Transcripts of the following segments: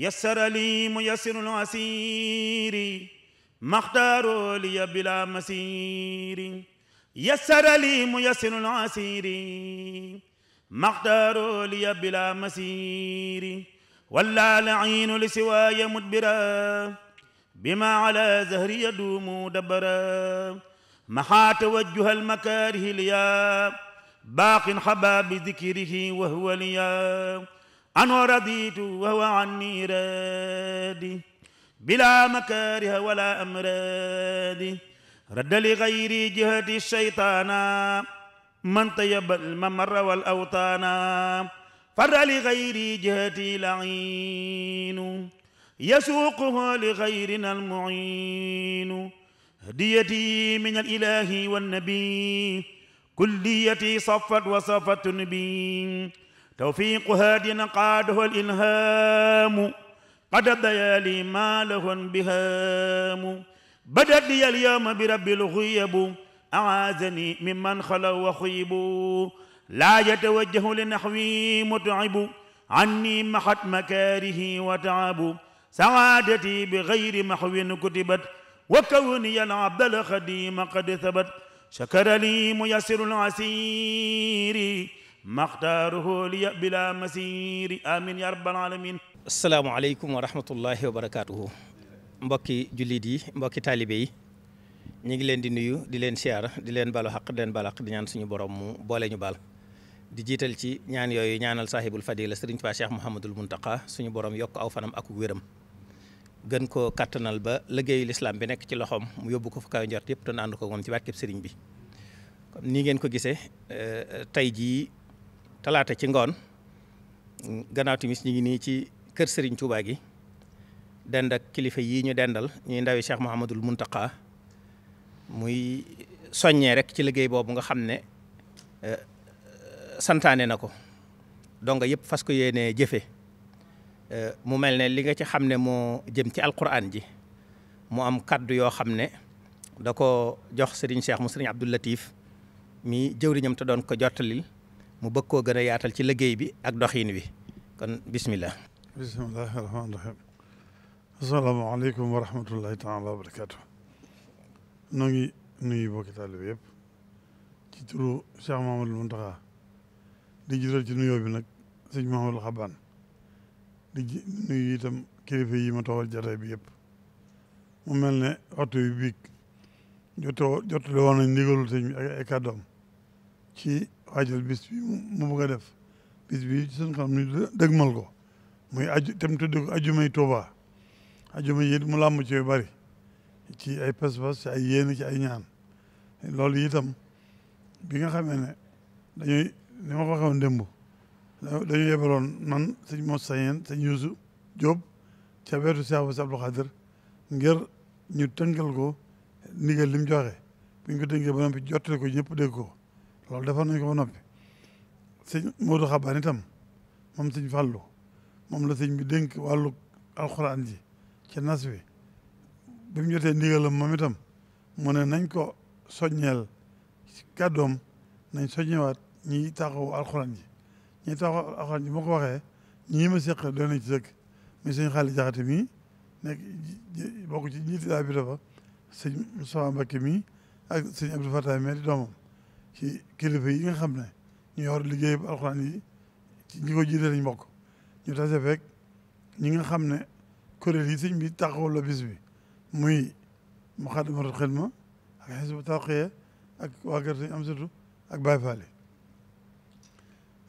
yassara li muyassirul asiri maxtaaroo li ya bila masiri yassara li muyassirul asiri maxtaaroo li ya bila masiri walla lainu li siwaaya mudbira bima ala zahri yaduumu dabbara maxaa tawajjuha almakaarihi liya baaqin xabaa bi dikrihi wa huwa liya anu raditu wa huwa anni radi bila makariha wala amradi radda li gayri jihati shaytana man tayaba almamara wal awtana farra li gayri jihati lainu yasuquhu li gayrina almuinu hadiyati min alilahi wannabi kulliyati safat wa safatun bi توفيق هاد قاده الإلهام قد الديالي ما له بهام بدت لي اليوم برب الغيب أعاذني ممن خلا وخيب لا يتوجه لنحوي متعب عني محت مكاره وتعب سعادتي بغير محو كتبت وكوني العبد الخديم قد ثبت شكر لي ميسر العسير maxtaaruhu liya bila masiri amin ya rabbal alamin asalaamaaleykum wa rahmatullahi wa barakaatuhu mbokki jullit yi mbokki taalibe yi ñu ngi leen di nuyu di leen siyaara di leen balu xaq di leen balu xaq di ñaan suñu borom mu boole ñu baal di jiital ci ñaan yooyu ñaanal saahibul fadila sëriñ Tuubaa Cheikh Mouhamadul Muntaqa suñu borom yokk aw fanam ak wéram gën koo kattanal ba liggéeyu lislaam bi nekk ci loxoom mu yóbbu ko fa kaw njort yëpp te ànd ko moom ci barkeb sëriñ bi ni ngeen ko gisee euh, jii talaata ci ngoon gannaaw timis ñu ngi nii ci kër Serigne Touba gi dend ak kilifa yii ñu dendal ñuy ndawi Cheikh Mouhamadul Mountakha muy soññee rek ci liggéey boobu nga xam ne eh, santaane na ko donc yëpp fas ko yéenee jëfe eh, mu mel ne li nga ci xam ne moo jëm ci alquran ji mu am kaddu yoo xam ne da ko jox sëriñ Cheikh mu Serigne Abdou Latif mi jëwriñam te doon ko jottalil mu bëgg koo gën a yaatal ci liggéey bi ak doxiin wi kon bismillah bismillahi rahmaani rahim asalaamaaleykum wa rahmatullahi taala wa barakatu noo ngi nuyu bokki taalibe yëpp ci turu Cheikh Mahamadul Muntaxa di jiital ci nuyoo bi nag sëñ Mahamadul Xabaan di nuyu itam kilifa yi ma toogal jataay bi yëpp mu mel ne waxtu yu biig jotoo jotale woon nañ ndigalul sëñ bi ak ci waajal bis bi mu bëgg def bis bi ci suñ xam ni ko muy aju tem tudde ko ajumay Tuuba ajuma yi mu làmb ci yu bari ci ay pas-pas ci ay yéene ci ay ñaan loolu itam bi nga xamee ne dañuy ni ma ko waxee woon démb dañu yebaloon man sëñ Moussa Sayeen sëñ Youssou Diop ca weetu siafa si Abdou Khadir ñu tënkal ko ndigal li mu joxe bi ñu ko tënkee ba noppi jottale ko ñëpp dégg ko loolu defoon nañ ko ba noppi sëñ Modou Xabaan itam moom siñ Fàllu moom la sëñ bi dénk wàllu alxuraan ji ci nas wi bi mu jotee moom itam mu ne nañ ko soññeel kàddoom nañ soññewaat ñi taxaw alxuraan ji ñi taxaw alxuraan ji moo ko waxee ñii ma seq doon nañ ci dëkk mi sëñ Xaali Jaxate mii nekk ci njiiti daa bi dafa sëñ Moustapha Mbakke mii ak sëñ Abdou Fatah mii di doomam ci kilifa yi nga xam ne ñu yor liggéey bu alxuraan yi ci ñi ko lañ bokk ñu tase ñi nga xam ne kuréel yi sëñ bi taxawal la bis bi muy Muxaddamatul Xidma ak Xisbu Tarqiya ak waa kër sëñ Amsatu ak Baay Faal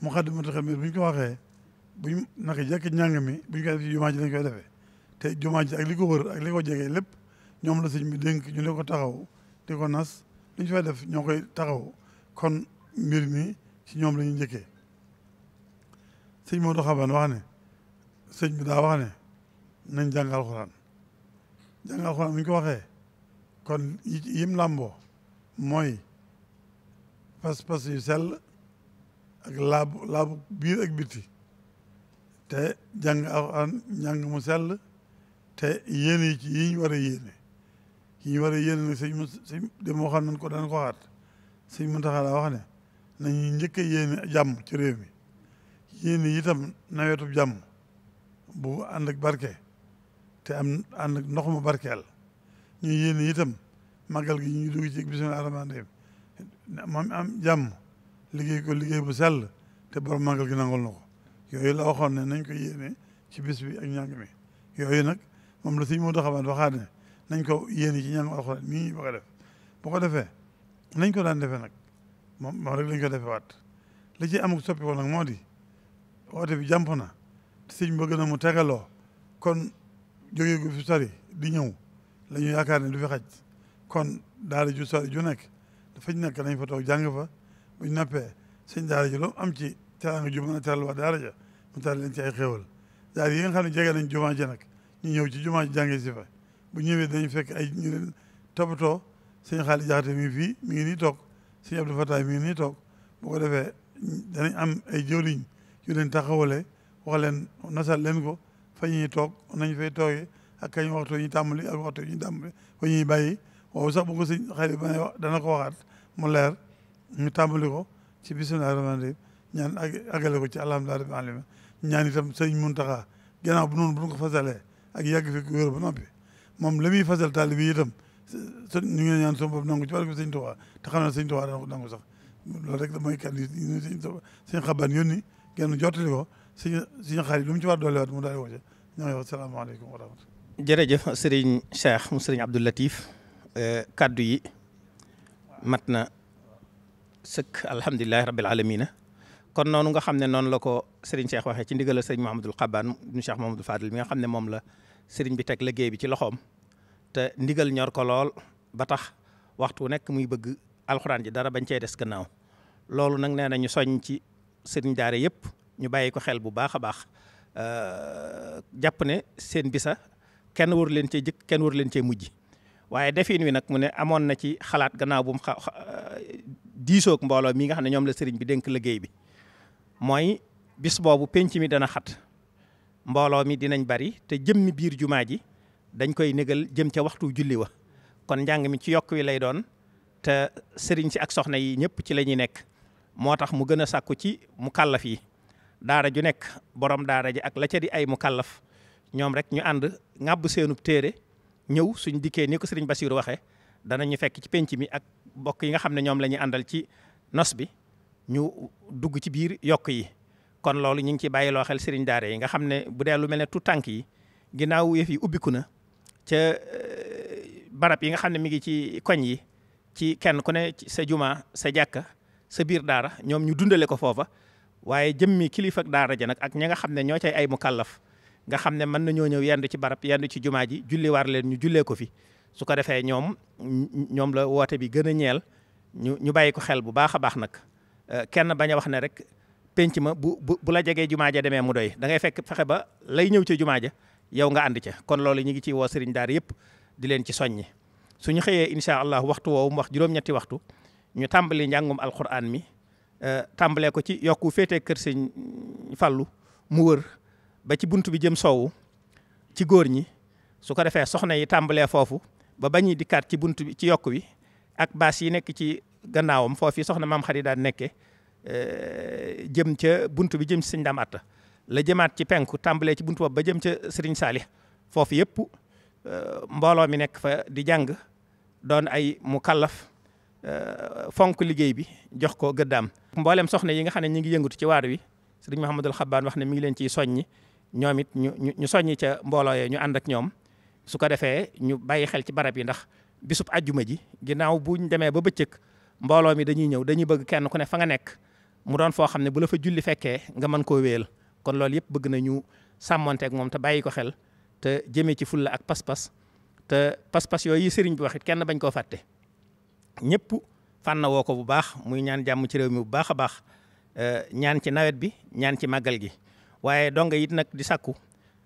mu Xidma bu ñu ko waxee buñ naka jekk ñàng mi bu ñu koy def ci jumaa ji lañ koy defee te jumaa ak li ko wër ak li ko jegee lépp ñoom la sëñ bi dénk ñu ne ko taxaw di ko nas lu ñu def ñoo koy taxaw kon mbir mi ci ñoom la ñu njëkkee sëñ Modou Xaban wax ne sëñ bi daa wax ne nañ jàng alxuraan jàng alxuraan bu ko waxe kon yim làmboo mooy pas-pas yu sel ak laabu laabu biir ak biti te jàng alxuraan njàng mu sell te yéene yi ci yi ñu war a yéene yi war a yéene nag sëñ mu sëñ dem waxoon nañ ko daan ko waxaat sëñ Muntaxa daa wax ne nañu njëkk a yéene jàmm ci réew mi yéene itam nawetu jàmm bu ànd ak barke te am ànd ak ndox mu barkeel ñu yéene itam màggal gi ñu dugg ci bisu Armaande moom am jàmm liggéey ko liggéey bu sell te borom màggal gi nangol na ko yooyu la waxoon ne nañ ko yéene ci bis bi ak ñàng mi yooyu nag moom la sëñ Muntaxa waxaat ne nañ ko yéene ci ñàng alxuraan mi ngi bëgg a def bu ko defee nañ ko daan defee nag moom moom rek lañ ko defee waat li ci amuk soppi ko nag moo di woote bi jàmp na sëñ bëgg na mu tegaloo kon jóge gu fi sori di ñëw la yaakaar ne du fi xaj kon daara ju sori ju nekk dafañ nekk nañ fa jàng fa buñ nappee sëñ daara ji lu am ci teraanga ju mën a teral waa ja mu teral leen ci ay xéewal daara yi nga xam ne jege nañ jumaa ji nag ñu ñëw ci jumaa ji jàngee si fa bu ñëwee dañ fek ay ñu leen sëñ Xaali Jaxate mi fii mi ngi nii toog sëñ Abdou fataay mi ngi nii toog bu defee danañ am ay jëwriñ yu leen taxawale wax leen nasal leen ko fa ñuy toog nañ fay toog ak kañ waxtu ñu tàmbali ak waxtu ñu tàmbali waaw sax bu ko Xaali ba wax dana ko waxaat mu leer ñu tàmbali ko ci bismillahi rahmaani rahim ñaan ak ci alhamdulillahi rabbil ñaan itam sëñ Muntaxa gannaaw bu noonu fasalee ak yàgg fi wér ba noppi moom la muy fasal taalibe yi itam ñu ngi ñaan sama bopp nangu ci barke sëñ yi ñu sëñ sëñ xabaan yónni genn mu ci war doolewaat mu daal di woote ñoo jërëjëf sëriñ Cheikh mu sëriñ Abdou euh, kàddu yi mat na sëkk alhamdulilah rabil aalamiina kon noonu nga xam ne noonu la ko sëriñ Cheikh waxee ci ndigal la sëriñ Mouhamadul Xabaan ñu Cheikh Mouhamadul Fadil mi nga xam ne moom la sëriñ bi teg liggéey bi ci loxoom. te ndigal ñor ko lool ba tax waxtu nekk muy bëgg alxuraan ji dara bañ cee des gannaaw loolu nag nee na ñu soñ ci sëriñ daara yëpp ñu bàyyi ko xel bu baax a baax euh, jàpp ne seen bisa kenn waru leen cee jëkk kenn waru leen cee mujj waaye defin wi nag mu ne amoon na ci xalaat gannaaw bu mu xa euh, diisoog mbooloo mi nga xam ne ñoom la sëriñ bi dénk liggéey bi mooy bis boobu penc mi dana xat mbooloo mi dinañ bari te jëmmi biir jumaa ji dañ koy négal jëm ca waxtu julli wa kon njàng mi ci yokk wi lay doon te sëriñ si ak soxna yi ñëpp ci lañuy nekk moo tax mu gën a sàkku ci mu kàllaf yi daara ju nekk borom daara ji ak la ca di ay mu kàllaf ñoom rek ñu ànd ŋàbb seenub téere ñëw suñ dikkee ni ko sëriñ Basiiru waxee ñu fekk ci penc mi ak mbokk yi nga xam ne ñoom la ñuy àndal ci nos bi ñu dugg ci biir yokk yi kon loolu ñu ngi ciy bàyyiloo xel sëriñ daara yi nga xam ne bu dee lu mel ne tu tànk yi ginnaaw yëf yi ubbiku na ca eh, barab yi nga xam ne mi ngi ci koñ yi ci kenn ku ne sa jumaa sa jàkka sa biir daara ñoom ñu dundale ko foofa waaye jëmmi kilifa daara ja nag ak ña nga xam ne ñoo cay ay mu mukallaf nga xam ne mën nañoo ñëw yendu ci barab yendu ci jumaa ji julli war leen ñu jullee ko fi su ko defee ñoom ñoom la woote bi gën a ñeel ñu ñu bàyyi ko xel bu baax a baax nag eh, kenn bañ a wax ne rek penc ma bu bu la jegee jumaa ja demee mu doy dangay fekk fexe ba lay ñëw ci jumaa ja yow nga ànd ca kon loolu ñu ngi ciy woo sëriñ daara yëpp di leen ci soññi suñu xëyee incha allah waxtu woowu wax juróom-ñetti waxtu ñu tàmbali njàngum alquran mi euh, tàmbalee ko ci yokku féetee kër sëñ Fallu mu wër ba ci bunt bi jëm soowu ci góor ñi su ko defee soxna yi tàmbalee foofu ba bañuy dikkaat ci bunt bi ci yokk wi ak baas yi nekk ci gannaawam foofu soxna maam xarit daan nekke euh, jëm ca bunt bi jëm ci sëñ daam atta la jamaat ci penku tàmbalee ci buntu ba ba jëm ca Serigne Saalih foofu yëpp euh, mbooloo mi nekk fa di jàng doon ay mu kallaf euh, fonk liggéey bi jox ko gëddaam. mboolem soxna yi nga xam ne ñu ngi yëngatu ci waar wi Serigne Mouhamadul Xabbaan wax ne mi ngi leen ciy soññi ñoom it ñu ñu soññi ca mbooloo yee ñu ànd ak ñoom su ko defee ñu bàyyi xel ci barab yi ndax bisub ajjuma ji ginnaaw buñ demee ba bëccëg mbooloo mi dañuy ñëw dañuy bëgg kenn ku ne fa nga nekk mu doon foo xam ne bu la fa julli fekkee nga mën koo wéel. kon loolu yëpp bëgg nañu sàmmonteek moom te bàyyi ko xel te jëmee ci fulla ak pas-pas te pas-pas yooyu sëriñ bi wax kenn bañ koo fàtte ñëpp fànn woo ko bu baax muy ñaan jàmm ci réew mi bu baax a baax eh, ñaan ci nawet bi ñaan ci màggal gi waaye donga it nag di sakku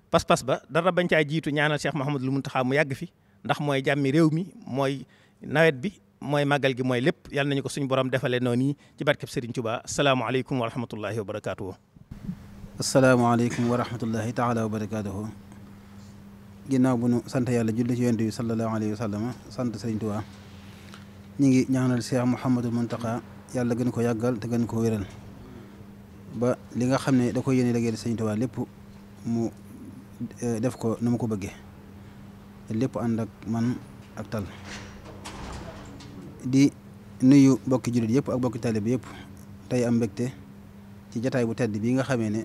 pas-pas ba dara bañ caa jiitu ñaanal Cheikh Mouhamadul Mountakha mu yàgg fi ndax mooy jàmmi réew mi mooy nawet bi mooy màggal gi mooy lépp yal nañu ko suñu borom defalee noonu ci barkeb Serigne Touba salaamualeykum wa rahmatullahi wa barakaatu. asalaamaaleykum wa rahmatullahi taala wa barakaatuhu ginnaaw bu nu sant yàlla julli ci yonent bi sallallahu alayhi wa sallam sant sëriñ ñu ngi ñaanal Cheikh Mouhamadul Mountakha yàlla gën ko yàggal te gën ko wéral ba li nga xam ne da ko yéene liggéey sëriñ Tuubaa lépp mu eh, def ko nu mu ko bëggee lépp ànd ak man ak tal di nuyu bokki jullit yëpp ak bokki taalibe bi yëpp tey am mbégte ci jataay bu tedd bii nga xamee ne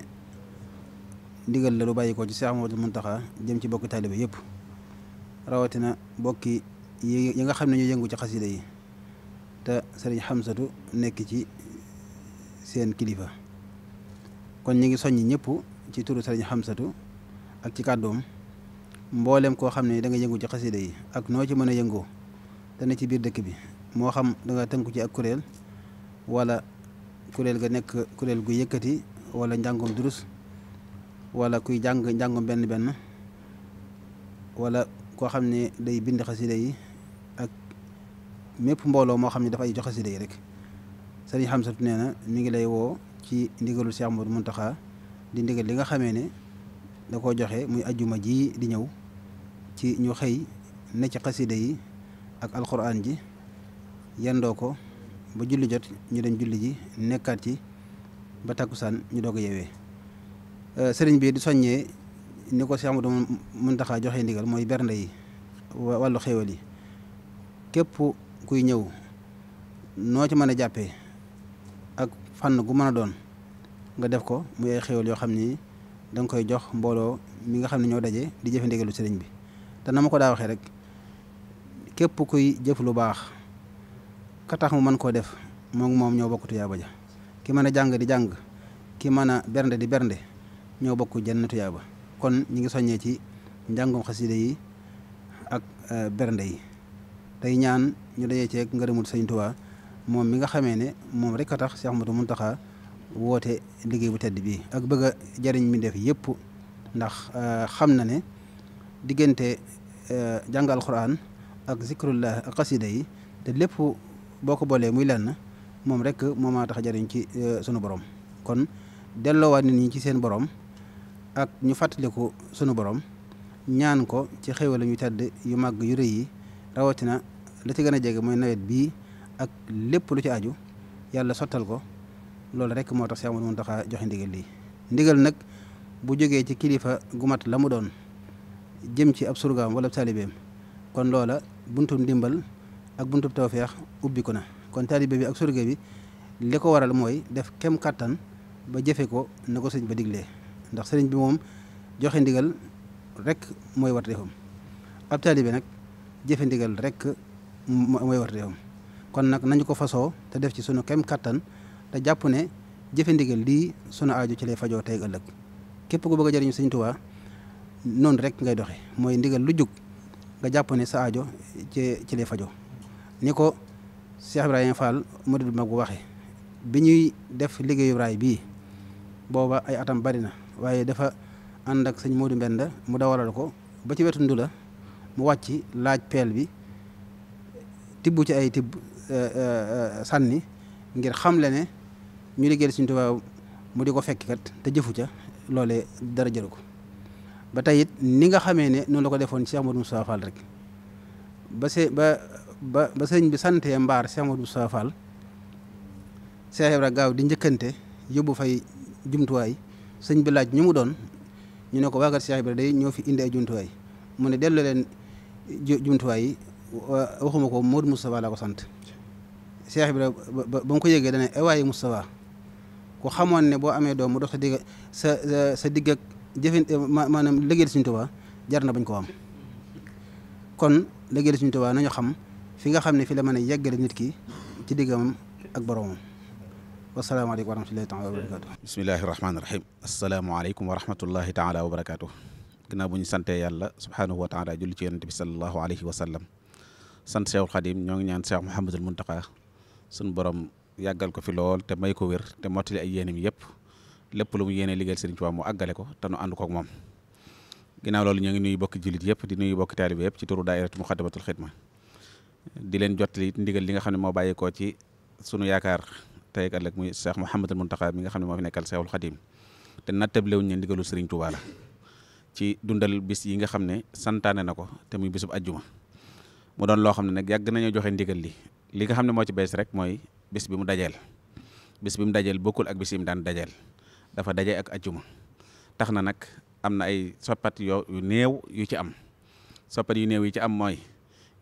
ndigal la lu bàyyi ko ci Cheikh Mouhamadoul Mountakha jëm ci bokki taalibe yëpp rawatina bokki yi nga xam ne ñu yëngu ci xasida yi te sëriñ Xamsatu nekk ci seen kilifa kon ñu ngi soññ ñëpp ci turu sëriñ Xamsatu ak ci kàddoom mboolem koo xam ne danga yëngu ci xasida yi ak noo ci mën a yëngoo te ne ci biir dëkk bi moo xam da nga tënku ci ak kuréel walla kuréel ga nekk kuréel gu yëkkati wala njàngum durus wala kuy jàng njàngum benn benn wala koo xam ne day bind xasida yi ak mépp mbooloo moo xam ne dafay jox xasida yi rek sëriñ Hamsatu nee na mi ngi lay woo ci ndigalul Cheikh Modou Mountakha di ndigal li nga xamee ne da koo joxe muy ajjuma ji di ñëw ci ñu xëy ne ci xasida yi ak alquran ji yendoo ko ba julli jot ñu dem julli ji nekkaat ci ba takkusaan ñu doo a yewee Euh, sëriñ bi di soññee ni ko Cheikh Amadou Mountakha joxe ndigal mooy bernde yi wàllu xéewal yi képp kuy ñëw noo ci mën a jàppee ak fànn gu mën doon nga def ko muy ay xéewal yoo xam ni da koy jox mbooloo mi nga xam ne ñoo daje di jëfe ndigalu sëriñ bi te na ma ko daa waxee rek képp kuy jëf lu baax ka tax mu mën koo def moom moom ñoo bokk tuyaaba ja ki mën a jàng di jàng ki mën a bernde di bernde ñoo bokk jenn tuyaaba kon ñu ngi soññee ci njàngum xasida yi ak eh, bernde yi tey ñaan ñu dajee ceeg ngërëmul sëñ Tuubaa moom mi nga xamee ne moom rek a tax Cheikh Ahmadou taxa woote liggéey bu tedd bii ak bëgg jariñ mi def yëpp ndax eh, xam na ne diggante eh, jàngal Quraan ak zikrullah ak xasida yi te lépp boo ko boolee muy lenn moom rek moomaa tax jariñ ci sunu borom kon delloowaat nit ñi ci seen borom ak ñu fàttaliku sunu borom ñaan ko ci xéwal ñu tedd yu màgg yu rëy yi rawatina la ci gën a jege mooy nawet bii ak lépp lu ci aju yàlla sottal ko loolu rek moo tax Sëriñ Ahmadou Mountakha joxe ndigal lii ndigal nag bu jógee ci kilifa gu mat la mu doon jëm ci ab surgaam wala taalibeem kon loola buntu ndimbal ak buntu tawfeex ubbi ko na kon taalibe bi ak surga bi li ko waral mooy def kem kàttan ba jëfe ko na ko sëñ ba diglee ndax sëriñ bi moom joxe ndigal rek mooy war defam ab taalibe nag jëfe ndigal rek mooy war kon nag nañu ko fasoo te def ci sunu kem kattan te jàpp ne jëfe ndigal lii sunu aajo ci lay fajoo tey ëllëg képp ku bëgg a jëriñu sëriñ Tuubaa noonu rek ngay doxe mooy ndigal lu jug nga jàpp ne sa ajo ci ci lay fajo ni ko Cheikh Ibrahima Fall murid bu mag bu waxe bi ñuy def liggéeyu raay bii booba ay atam bari na waaye dafa ànd ak sëñ Modou Mbenda mu dawalal ko ba ci wetu Ndula mu wàcc laaj peel bi tibbu ci ay tibb eh, eh, eh, sànni ngir xamle ne ñu liggéeyal Sëñ Tuubaa mu di ko fekk kat te jëfu ca loole dara jël ko ba tey it ni nga xamee ne noonu la ko defoon Cheikh Modou Moustapha Fall rek ba se sëñ bi santee mbaar Cheikh Modou Moustapha Fall Cheikh Ibra gaaw di njëkkante yóbbu fay jumtuwaay sëñ bi laaj ñu mu doon ñu ne ko waa kër Cheikh Ibra day ñëw fi indi ay jumtuwaay mu ne delloo leen jumtuwaay yi waxuma ko Modou Moustapha laa ko sant Cheikh bi ba ba mu ko yëgee dana waaye Moustapha ku xamoon ne boo amee doom mu dox sa digg sa sa digg ak jëfin maanaam liggéeyal Sëñ Tuubaa jar na bañ ko am kon liggéeyal Sëñ Tuubaa nañu xam fi nga xam ne fi la mën a yeggale nit ki ci diggam ak boromam. wasalaamaaleykum wa rahmatullahi taala wa barakaatu bismillahi rahmaani rahim asalaamaaleykum wa rahmatullahi taala wa barakaatu ginnaaw bu ñu santee yàlla subhaanahu wa taala julli ci yonente bi salallahu alayhi wa sallam sant Cheikhul Xadim ñoo ngi ñaan Cheikh Mouhamadul Muntaqa suñu borom yàggal ko fi lool te may ko wér te mottali ay yéenam yëpp lépp lu mu yéene liggéeyal Sëriñ Tuubaa mu àggale ko te nu ànd kook moom ginnaaw lool ñoo ngi nuyu bokki jullit yëpp di nuyu bokki taalibe yëpp ci turu daayiratu Muxaddamatul Xidma di leen jottali ndigal li nga xam ne moo bàyyeekoo ci sunu yaakaar tey ak ëllëg muy Cheikh Mouhamadul taxa mi nga xam ne moo fi nekkal Cheikhul Khadim te nattablewuñ ne ndigalu Serigne Touba la ci dundal bis yi nga xam ne santaane na ko te muy bisub ajjuma mu doon loo xam ne nag yàgg nañoo joxe ndigal li li nga xam ne moo ci bees rek mooy bis bi mu dajeel bis bi mu dajeel bokkul ak bis yi daan dajeel dafa daje ak ajjuma tax na nag am na ay soppat yoo yu néew yu ci am sopat yu néew yu ci am mooy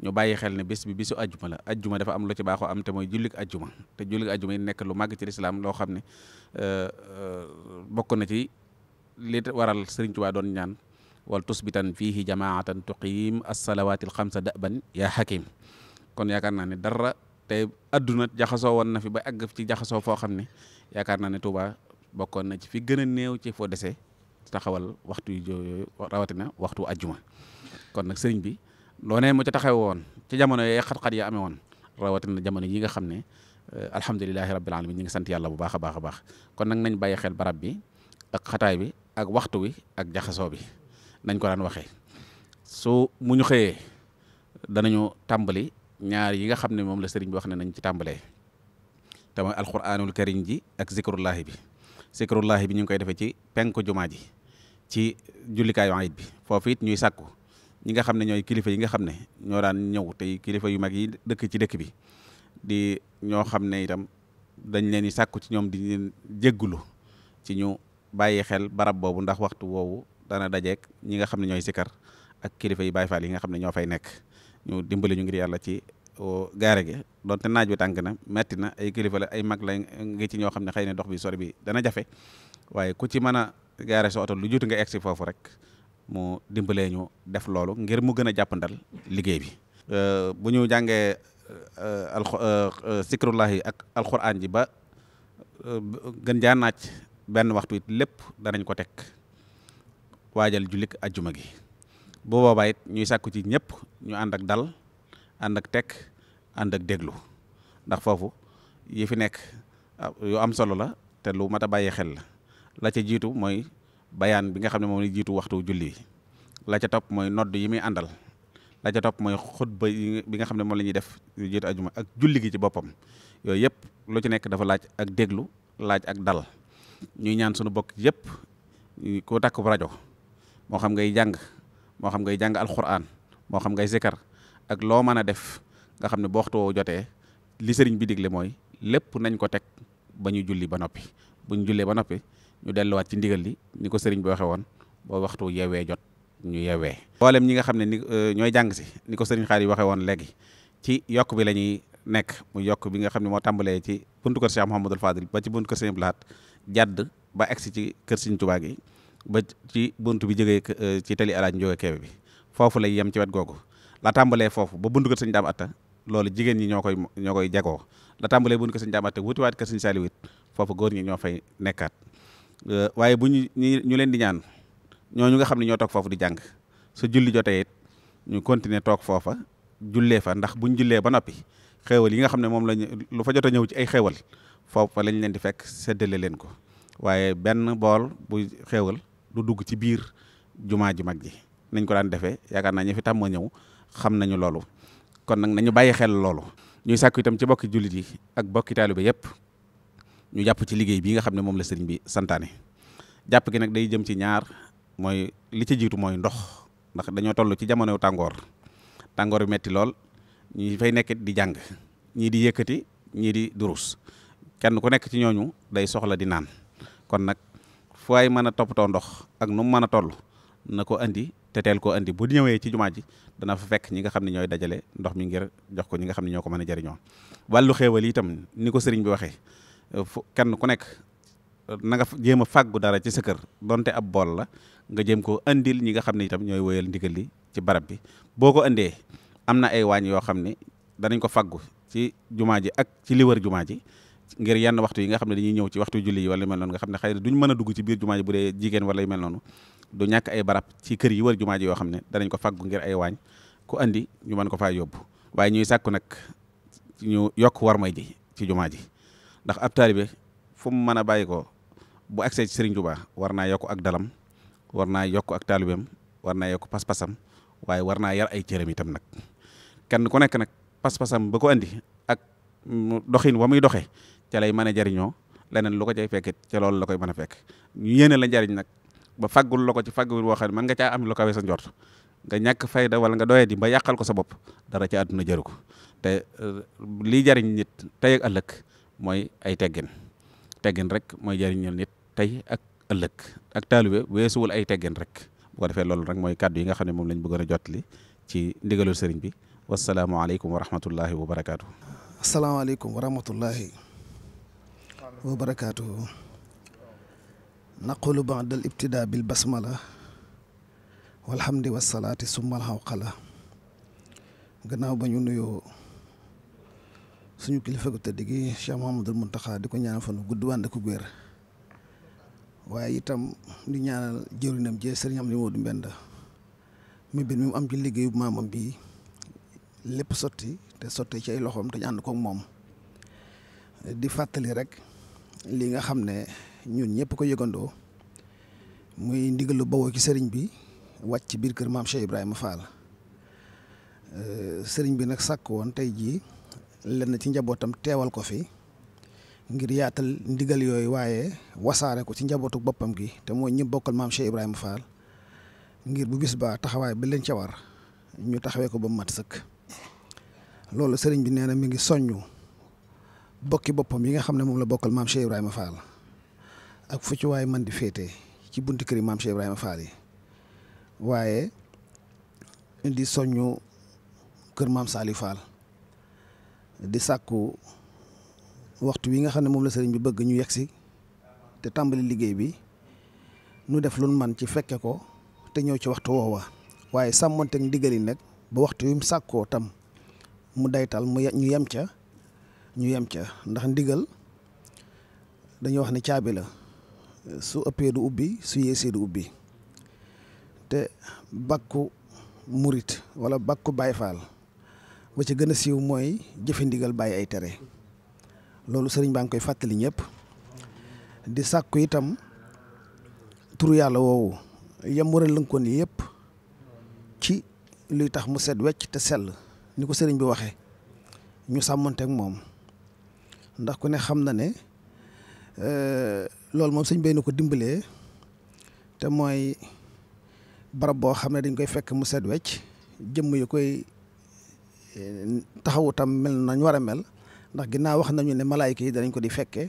ñu bàyyi xel ne bés bi bisu ajjuma la ajjuma dafa am lu ci baaxoo am te mooy jullik ajjuma te jullik ajjuma yi nekk lu màgg ci lislaam loo xam ne euh, euh, bokk na ci li waral Sëriñ Tuubaa doon ñaan wal tusbitan fiihi jamaatan tuqiim assalawaatil xamsa daban yaa xakim kon yaakaar naa ne dara te adduna jaxasoo won na fi ba àgg ci jaxasoo foo xam ne yaakaar naa ne Tuubaa bokkoon na ci fi gën a néew ci foo desee taxawal waxtu yu rawatina waxtu ajjuma kon nag sëriñ bi loonee mu ca taxaw woon ci jamono yee xat-xat yi amee woon rawatina jamono yi nga xam ne euh, alhamdulilahi rabbil alamin ñi ngi sant yàlla bu baax a a baax kon nag nañ bàyyi xel barab bi ak xataay bi ak waxtu wi ak jaxasoo bi nañ ko daan waxee su mu ñu danañu tàmbali ñaar yi nga xam ne moom la sëriñ bi wax ne nañ ci tàmbalee te mooy alquranul karim ji ak zikrullahi bi zikrullahi bi ñu ngi koy defee ci penku jumaa ji ci jullikaayu ayit bi foofu it ñuy sàkku ñi nga xam ne ñooy kilifa yi nga xam ne ñoo daan ñëw tey kilifa yu mag yi dëkk ci dëkk bi di ñoo xam ne itam dañ leen di sàkku ci ñoom di leen jéggulu ci ñu bàyyi xel barab boobu ndax waxtu woowu dana dajeeg ñi nga xam ne ñooy sikar ak kilifa yi Baay Faal yi nga xam ne ñoo fay nekk ñu dimbali ñu ngir yàlla ci gaare gi donte naaj bi tàng na metti na ay kilifa la ay mag la ngi ci ñoo xam ne xëy na dox bi sori bi dana jafe waaye ku ci mën a gaare sa lu juuti nga egg foofu rek mu dimbalee ñu def loolu ngir mu gën a jàppandal liggéey bi. Euh, bu ñu jàngee euh, al euh, ak alquran ji ba gën jaa naaj benn waxtu it lépp danañ ko teg waajal jullik ajjuma gi. boo boobaa it ñuy sàkku ci ñëpp ñu ànd ak dal ànd ak tekk ànd ak déglu ndax foofu yi fi nekk ah, yu am solo la te lu mat a bàyyi xel la la ca jiitu mooy bayaan bi nga xam ne moom la jiitu waxtu julli la ca topp mooy nodd yi muy àndal la ca topp mooy xutba bi nga xam ne moom la ñuy def jiitu ajuma ak julli gi ci boppam yooyu yëpp lu ci nekk dafa laaj ak déglu laaj ak dal ñuy ñaan sunu bokk yëpp koo takku rajo moo xam ngay jàng moo xam ngay jàng alxuraan moo xam ngay zikar ak loo mën a def nga xam ne boo waxtu jotee li sëriñ bi digle mooy lépp nañ ko teg ba ñu julli ba noppi bu ñu ba noppi ñu delluwaat ci ndigal li ni ko sëriñ bi waxe woon ba waxtu yewee jot ñu yewee mboolem ñi nga xam ne ni euh, ñooy jàng si ni ko sëriñ xaar yi waxe woon léegi ci yokk bi la ñuy nekk mu yokk bi nga xam ne moo tàmbalee ci buntu kër Cheikh Mouhamadul Fadil ba ci buntu kër Sëriñ Blaat jàdd ba egsi ci kër Sëriñ Tuubaa gi ba ci bunt bi jógee euh, ci tali alaaj njóge keebe bi foofu lay yem ci wet googu la tàmbalee foofu ba buntu kër Sëriñ Daam Atta loolu jigéen ñi ñoo koy ñoo koy jagoo la tàmbalee buntu kër Sëriñ Daam Atta wutiwaat kër Sëriñ Saaliw foofu góor ñi ñoo fay nekkaat Euh, waaye bu ñu ñu leen di ñaan ñooñu nga xam ne ñoo toog foofu di jàng su julli jotee it ñu continuer toog foofa jullee fa ndax buñ jullee ba noppi xéewal yi nga xam ne moom lañ lu fa jot a ñëw ci ay xéewal foofa lañ leen di fekk séddale leen ko waaye benn bool bu xéewal du dugg ci biir jumaa ji mag ji nañ ko daan defee yaakaar naa ñi fi tàmm ñëw xam nañu loolu kon nag nañu bàyyi xel loolu ñuy sàkku itam ci bokki jullit yi ak bokki taalibe yépp ñu jàpp ci liggéey bii nga xam ne moom la sëriñ bi santaane jàpp gi nag day jëm ci ñaar mooy li ci jiitu mooy ndox ndax dañoo toll ci jamono tàngoor tàngoor bi metti lool ñi fay nekk di jàng ñii di yëkkati ñii di durus kenn ku nekk ci ñooñu day soxla di naan kon nag fu ay mën a toppatoo ndox ak nu mu mën a toll na ko andi te teel koo andi di ñëwee ci jumaa ji dana fa fekk ñi nga xam ne ñooy dajale ndox mi ngir jox ko ñi nga xam ne ñoo ko mën a jariñoo wàllu xéewal ni ko sëriñ bi waxee Euh, kenn ku nekk euh, na nga jéem a fàggu dara ci sa kër donte ab bool la nga jéem koo andil ñi nga xam ne itam ñooy woyal ndigal li ci barab bi boo ko andee am na ay waañ yoo xam ne danañ ko fàggu ci jumaa ji ak ci li wër jumaa ji ngir yenn waxtu yi nga xam ne dañuy ñëw ci waxtu julli wala yu mel nga xam ne xëy na duñ mën a dugg ci biir jumaa ji bu dee jigéen wala yu mel noonu du ñàkk ay barab ci kër yi wër jumaa ji yoo xam ne danañ ko faggu ngir ay waañ ku andi ñu mën ko faa yóbbu waaye ñuy sàkku nag ñu yokk war may ji ci jumaa ji ndax ab taalibe fu mu mën a bàyyi ko bu agsee ci Serigne Touba war naa yokk ak dalam war naa yokk ak taalibeem war naa yokk pas-pasam waaye war naa yar ay cëram itam nag kenn ku nekk nag pas-pasam ba ko andi ak doxin wa muy doxee ca lay mën a jariñoo leneen lu ko cay fekkit ca loolu la koy mën a fekk ñu yéene la jariñ nag ba faggul la ko ci faggu woo xam ne mën nga caa am lu kawe sa njort nga ñàkk fayda wala nga doyadi ba yàqal ko sa bopp dara ci àdduna jaru ko te euh, lii jariñ nit tey ak ëllëg mooy ay teggin teggin rek mooy jëriñal nit tey ak ëllëg ak taalibe weesuwul ay teggin rek boo ko defee loolu rek mooy kàddu yi nga xam ne moom lañ bëggoon a jottali ci ndigalul sëriñ bi wasalaamualeykum wa rahmatullahi wa barakaatu. asalaamaaleykum wa rahmatullahi wa barakaatu. naqulu ba'dal ibtidaa bil basmala walhamdi wasalaati summal xawqala gannaaw ba ñu nuyoo. suñu kilifa gu tëdd gi Cheikh Mouhamadul Mountakha di ko ñaanal fan gudd wànd ku góor waaye itam di ñaanal jëwriñam jee sëriñ am li moo du mbend mi bi mu am ci liggéeyu maamam bii lépp sotti te sotti ci ay loxoom te ñu ànd koog moom di fàttali rek li nga xam ne ñun ñëpp ko yëgandoo muy ndigalu bawoo ci sëriñ bi wàcc ci biir kër maam Cheikh Ibrahima Fall sëriñ bi nag sàkk woon tey jii. lenn ci njabootam teewal ko fi ngir yaatal ndigal yooyu waaye wasaare ko ci njabootu boppam gi te mooy ñi bokkal maam Cheikh Ibrahima Fall ngir bu bis ba taxawaay bi leen ca war ñu taxawee ko ba mu mat sëkk loolu sëriñ bi nee na mi ngi soññu bokki boppam yi nga xam ne moom la bokkal maam Cheikh Ibrahima ak fu ci waay man di féete ci bunti kër yi maam Cheikh Ibrahima Fall yi waaye di soññu kër maam Saliou Fall. di sàkku waxtu wi nga xam ne moom la sëriñ bi bëgg ñu yegsi te tàmbali liggéey bi nu def lu man ci fekke ko te ñëw ci waxtu woowa waaye sàmmonteeg ndigal yi nag ba waxtu wi mu sàkkoo tam mu daytal mu ñu yem ca ñu yem ca ndax ndigal dañuy wax ne caabi la su ëppee du ubbi su yeesee du ubbi te bakku murit wala bakku bayfaal ba ci gën a siiw mooy jëfe ndigal bàyyi ay tere loolu sëriñ baa ngi koy fàttali ñëpp di sàkku itam turu yàlla woowu yam war a lënkoon yëpp ci luy tax mu set wecc te sell ni ko sëriñ bi waxee ñu sàmmanteeg moom ndax ku ne xam na ne euh, loolu moom sëñ benn ko dimbalee te mooy barab boo xam ne dañ koy fekk mu set wecc jëmm yu koy Eh, taxawu tam mel nañ war a mel ndax ginnaaw wax nañu ne malaayka yi danañ ko di fekkee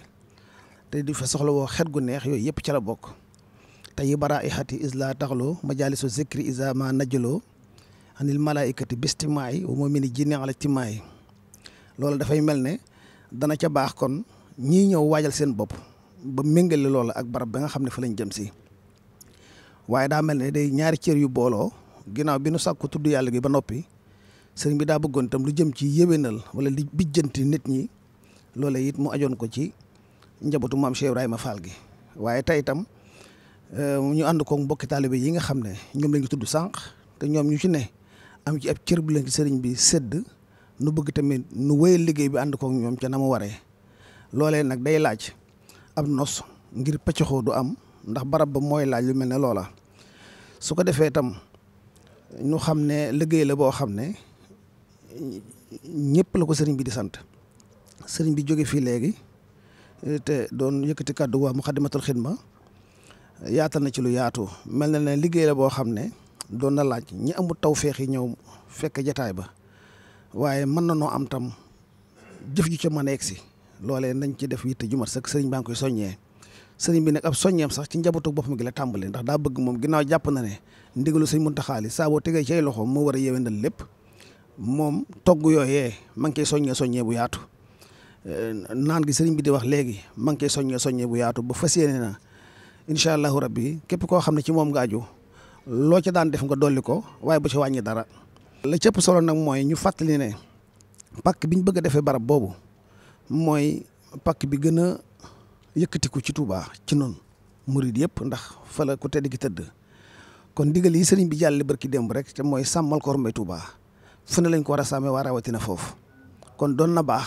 te di fa soxla woo xet gu neex yooyu yëpp ca la bokk te yi bara i xati isla taxloo majalisu zikri isa ma najjaloo anil malaayikati bistimaay wa moo mel ni jinne ala timaay loolu dafay mel ne dana ca baax kon ñii ñëw waajal seen bopp ba méngale loola ak barab ba nga xam ne fa lañ jëm si waaye daa mel ne day ñaari cër yu booloo ginnaaw bi nu sàkku tudd yàlla gi ba noppi sëriñ bi daa bëggoon itam lu jëm ci yéwénal wala li bijjanti nit ñi loole it mu ajoon ko ci njabootu maam Cheikh Ibrahima Fall gi waaye tey itam euh, ñu ànd ko mbokki taalibe yi nga xam ne ñoom la tudd sànq te ñoom ñu ci ne am ci ab cër bu leen sëriñ bi sëdd nu bëgg tamit nu wéyal liggéey bi ànd ko ñoom ca na mu waree loolee nag day laaj ab nos ngir pëccëxoo du am ndax barab ba mooy laaj lu mel ne loola su ko defee itam ñu xam ne liggéey la boo xam ne. ñëpp la ko sëriñ bi di sant sëriñ bi jóge fii léegi eh, te doon yëkkati kàddu waa Muxaddamatul Xidma yaatal na ci lu yaatu mel na ne liggéey la boo xam ne doon na laaj ñi amul tawféex yi ñëw fekk jataay ba waaye mën na noo am tam jëf ju ca mën a egg si loolee nañ ci def yitte jumat sax sëriñ baa ngi koy soññee sëriñ bi nag ab soññeem sax ci njabootu boppam gi la tàmbalee ndax daa bëgg moom ginnaaw jàpp na ne ndigalu sëñ Muntaxa li saa boo tegee ci war a yéwénal lépp. moom togg yooyee ma ngi koy soññee soññee bu yaatu eh, naan gi sëriñ bi di wax léegi ma ngi koy soññee soññee bu yaatu ba fas yéene na incha allahu rabbi képp koo xam ne ci moom nga loo ca daan def nga dolli ko waaye bu ci wàññi dara. la cëpp solo nag mooy ñu fàttali ne pàkk bi ñu bëgg a defee barab boobu mooy pàkk bi gën a yëkkatiku ci tubaa ci noonu murid yëpp ndax fa la ku tedd gi tëdd kon digal yi sëriñ bi jàll barki démb rek te mooy sàmmal ko ormay fu ne lañ ko war a sàmmee waa rawatina foofu kon doon na baax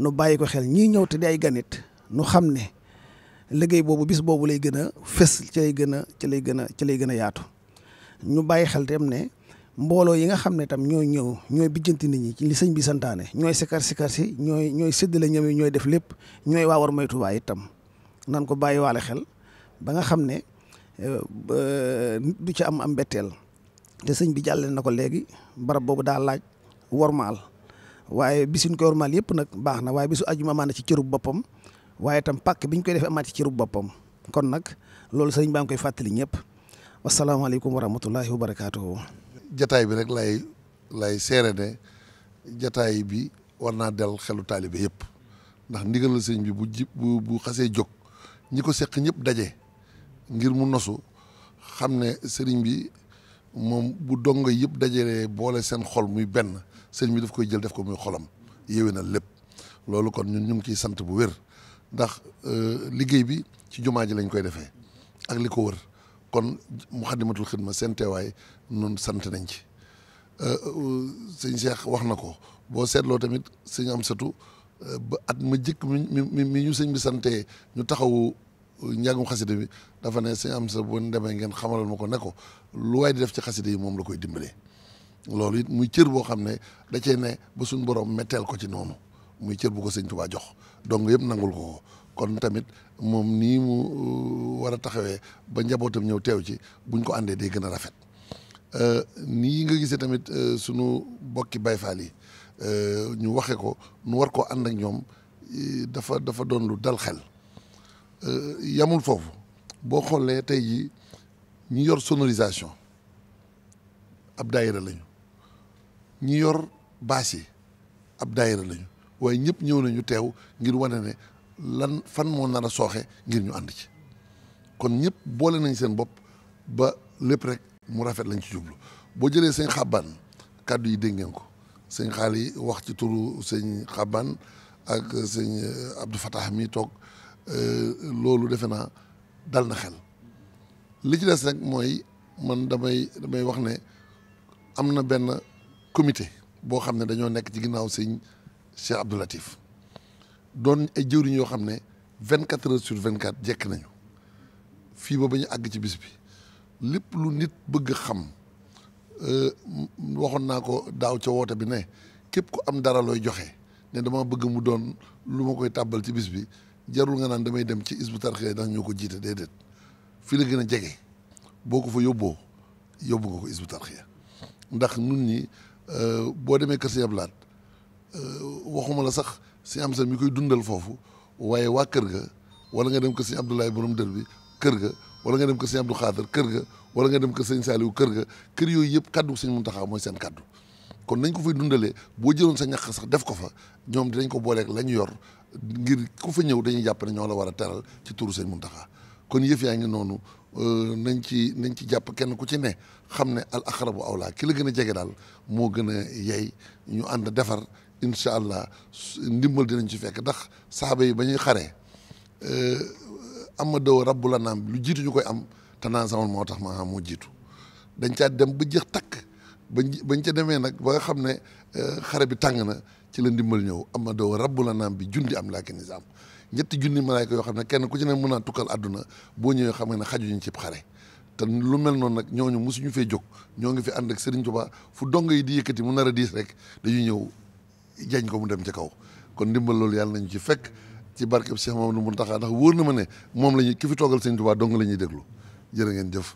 nu bàyyi ko xel ñiy ñëw te di ay ganit nu xam ne liggéey boobu bis boobu lay gën a fës ci lay gën a ci lay gën a ci lay gën a yaatu ñu bàyyi xel tam ne mbooloo yi nga xam ne tam ñooy ñëw ñooy bijjanti nit ñi ci li sëñ bi ñooy sikar sikar si ñooy ñooy séddale ñoom ñooy def lépp ñooy waa war moytu waay itam nan ko bàyyi waale xel ba nga xam ne euh, du ci am am mbetteel te sëñ bi jàllale na ko léegi barab boobu daa laaj wormaal waaye bisuñ ko wormaal yëpp nag baax na waaye bisu ajuma amaat na ci cërub boppam waaye itam pàkk biñ koy defee amaat ci cërub boppam kon nag loolu sëñ baa ngi koy fàttali ñëpp wasalaamaaleykum wa rahmatullahi wa barakaatuhu. jataay bi rek lay lay seere ne jataay bi war naa del xelu taalibe yëpp ndax ndigalal sëñ bu ji bu xasee jóg ñi ko seq ñëpp daje ngir mu nosu xam ne sëriñ bi. moom bu dongo yëpp dajalee boole seen xol muy benn sëñ bi daf koy jël def ko muy xolam yéwé na lépp loolu kon ñun ñu ngi ciy sant bu wér ndax euh, liggéey bi ci jumaa ji lañ koy defee ak li ko wër kon Muxaddamatul Xidma seen teewaay nun sant nañ ci euh, euh, sëñ Cheikh wax na ko boo seetloo tamit sëñ Amsatu ba at ma jëkk mi mi mi ñu sëñ bi santee ñu taxawu njàngum xasida bi dafa ne sëñ am sa bu demee ngeen xamalal ma ko ne ko lu waay di def ci xasida yi moom la koy dimbalee loolu it muy cër boo xam ne da cee ne ba suñ borom metteel ko ci noonu muy cër bu ko sëñ Tuubaa jox donc yëpp nangul ko kon tamit moom nii mu uh, war a taxawee ba njabootam ñëw teew ci buñ ko àndee day gën a rafet euh, nii nga gisee tamit euh, sunu bokki faal yi euh, ñu waxe ko nu war koo ànd ak ñoom dafa dafa doon lu dal xel Euh, yamul foofu boo xoolee tey jii ñi yor sonorisation ab daayira lañu ñi yor baas yi ab daayira lañu waaye ñëpp ñëw nañu teew ngir wane ne lan fan moo nar a sooxe ngir ñu ànd ci kon ñëpp boole nañ seen bopp ba lépp rek mu rafet lañ ci jublu boo jëlee sëñ xabbaan kàddu yi dégg ngeen ko sëñ xaal yi wax ci turu sëñ xabbaan ak sëñ Abdou Fatah mi toog Euh, loolu defe naa dal na xel li ci des rek mooy man damay damay wax ne am na benn comité boo xam ne dañoo nekk ci ginnaaw sëñ Cheikh Abdou Latif doon ay jëwriñ yoo xam ne vingt quatre heures sur vingt quatre jekk nañu fii ba ba ñu àgg ci bis bi lépp lu nit bëgg xam euh, waxoon naa ko daaw ca woote bi ne képp ku am dara looy joxe ne dama bëgg mu doon lu ma koy tàbbal ci bis bi jarul nga naan damay dem ci isbu tarxee ndax ñoo ko jiita dee déedéet fii la gën a jege boo ko fa yóbboo yóbbu nga ko isbu tarxee ndax nun ñi euh, boo demee kër si yablaat euh, waxuma la sax si am mi koy dundal foofu waaye waa kër ga wala nga dem kër si Abdoulaye borom dër bi kër ga wala nga dem kër si Abdou kër ga wala nga dem kër sëñ Saaliw kër ga kër yooyu yëpp kaddu sëñ Muntaxa mooy seen kaddu kon nañ ko fay dundalee boo jëloon sa ñax sax def ko fa ñoom dinañ ko booleeg la ñu yor ngir ku fa ñëw dañuy jàpp ne ñoo la war a teral ci turu sëñ Muntaxa kon yëf yaa ngi noonu euh, nañ ci nañ ci jàpp kenn ku ci ne xam ne al aqrabu awlaa ki la gën a jege daal moo gën a yey ñu ànd defar incha allah ndimbal dinañ ci fekk ndax saaba yi ba ñuy xaree euh, amadou rabbul anaam lu jiitu ñu koy am te naa samal moo tax maa moo jiitu dañ caa dem ba jeex takk bañ bañ ca demee nag ba nga xam ne euh, xare bi tàng na ci la ndimbal ñëw ama doo rabbu la naam bi jundi am laakin nizaam ñetti junni malaayka yoo xam ne kenn ku ci ne mën a tukkal àdduna boo ñëwee xam nga ne xajuñu cib xare te lu mel noonu nag ñu ñooñu mosuñu fee jóg ñoo ngi fi ànd ak Serigne Touba fu dong yi di yëkkati mu nar a diis rek dañuy ñëw jañ ko mu dem ci kaw kon ndimbal loolu yàlla nañu ci fekk ci barkeb Cheikh Mamadou Mountakha ndax wóor na ma ne moom la ñuy ki fi toogal Serigne Touba dong la ñuy déglu jërë ngeen jëf